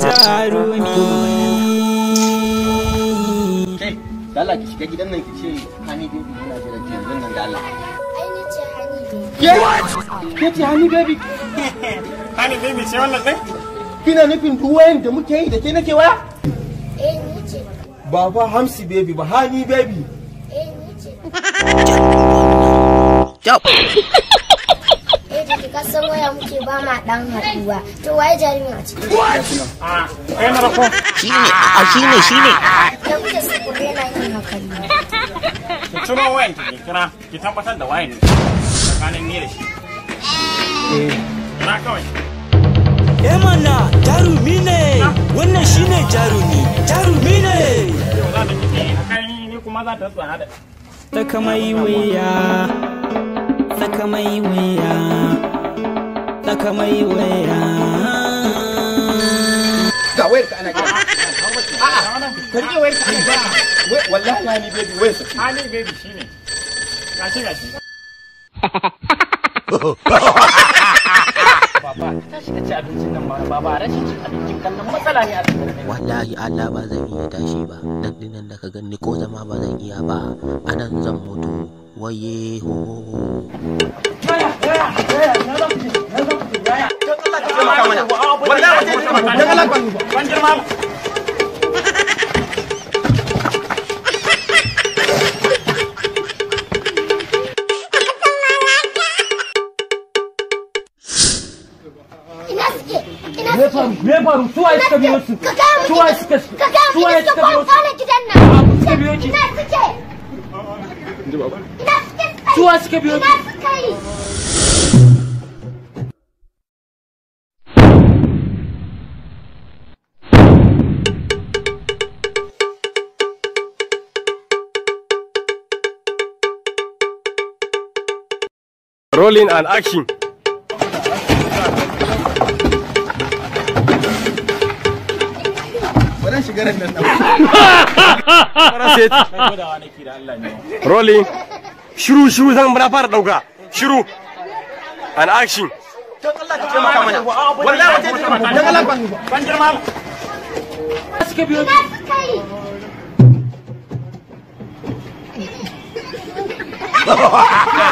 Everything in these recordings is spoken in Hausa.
jarumi ni ke ce hani baby hani baby ce wannan kina nufin duk wayan da muke yi da ke nake waya eh, ba hamsi baby ba hani baby eh, san waya muke ba ma haduwa to a cikin a shine shine da na yin hakan ki tuno wayan ki ki tabbatar da wayan tsakanin ni shi Emana eh jarumi ne wannan shine jarumi jarumi ne ta Saka mai wuya, saka mai wuya. ka mai ga wayar ka ana kira karke wayar ka ana kira wallahi wayar sa gashi gashi ne Wallahi Allah ba zan iya tashi ba, dan dinan da ka ganni ko zama ba zan iya ba, anan zan mutu, waye ho ho. kamanya wallahi wace da kamanya dan Allah ban girma Ne yaparım? Ne yaparım? Su ay sıkabiliyorsun. Su ay sıkabiliyorsun. Su ay sıkabiliyorsun. Rolling and action. Rolling. Shiru shiru zan bana fara dauka. Shiru. An action. Dan ha!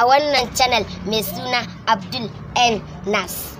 a wannan channel mai suna Abdul N. Nas.